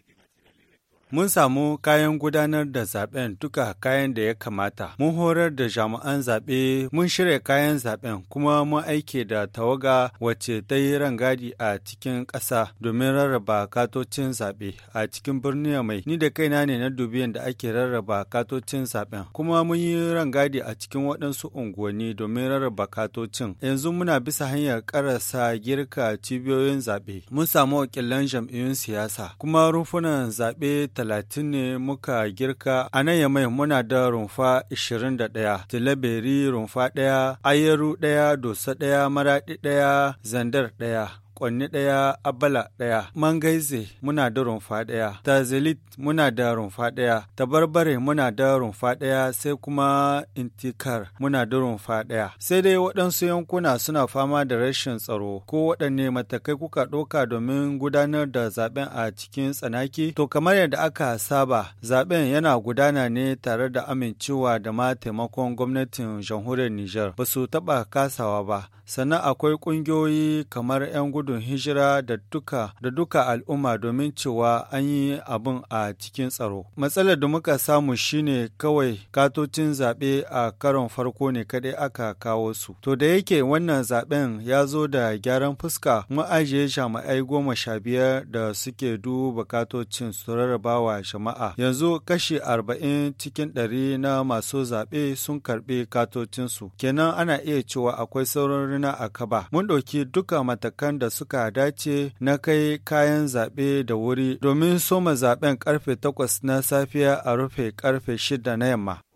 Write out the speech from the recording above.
siete Mun samu kayan gudanar da zaben duka kayan da ya kamata. Mun horar da jami'an zaɓe, mun shirya kayan zaben kuma mun aike da tawaga wacce ta yi rangadi a cikin ƙasa domin rarraba katocin zaɓe a cikin birnin mai. Ni da kaina ne na dubi da ake rarraba katocin zaben kuma mun yi rangadi a cikin waɗansu unguwanni domin rarraba katocin. Yanzu muna bisa hanyar ƙarasa girka cibiyoyin zaɓe. Mun samu wakilan jam'iyyun siyasa kuma rumfunan zaɓe talatin ne muka girka a nan yamai muna da rumfa 21 tilaberi rumfa ɗaya ayeru ɗaya dosa ɗaya maraɗi ɗaya zandar ɗaya kwanni ɗaya abala ɗaya mangaize muna da rumfa ɗaya tazilit muna da rumfa ɗaya tabarbare muna da rumfa ɗaya sai kuma intikar muna da rumfa ɗaya sai dai waɗansu yankuna suna fama da rashin tsaro ko waɗanne matakai kuka ɗauka domin gudanar da zaben a cikin tsanaki to kamar yadda aka saba zaben yana gudana ne tare da amincewa da ma taimakon gwamnatin jamhuriyar Nijar ba su taɓa kasawa ba sannan akwai ƙungiyoyi kamar 'yan gudu gudun hijira da duka da duka al'umma domin cewa an yi abin a cikin tsaro. Matsalar da muka samu shine kawai katocin zaɓe a karon farko ne kaɗai aka kawo su. To da yake wannan zaɓen ya zo da gyaran fuska mun ajiye jama'ai goma sha biyar da suke duba katocin su rarrabawa jama'a. Yanzu kashi arba'in cikin ɗari na masu zaɓe sun karɓi katocinsu. Kenan ana iya cewa akwai sauran rina a kaba. Mun ɗauki duka matakan da su suka dace na kai kayan zaɓe da wuri domin soma zaɓen karfe takwas na safiya a rufe karfe shida na yamma.